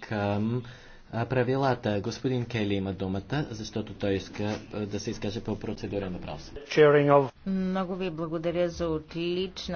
към правилата. Господин Кели има думата, защото той иска да се изкаже по процедурен въпрос. Много ви благодаря за отлично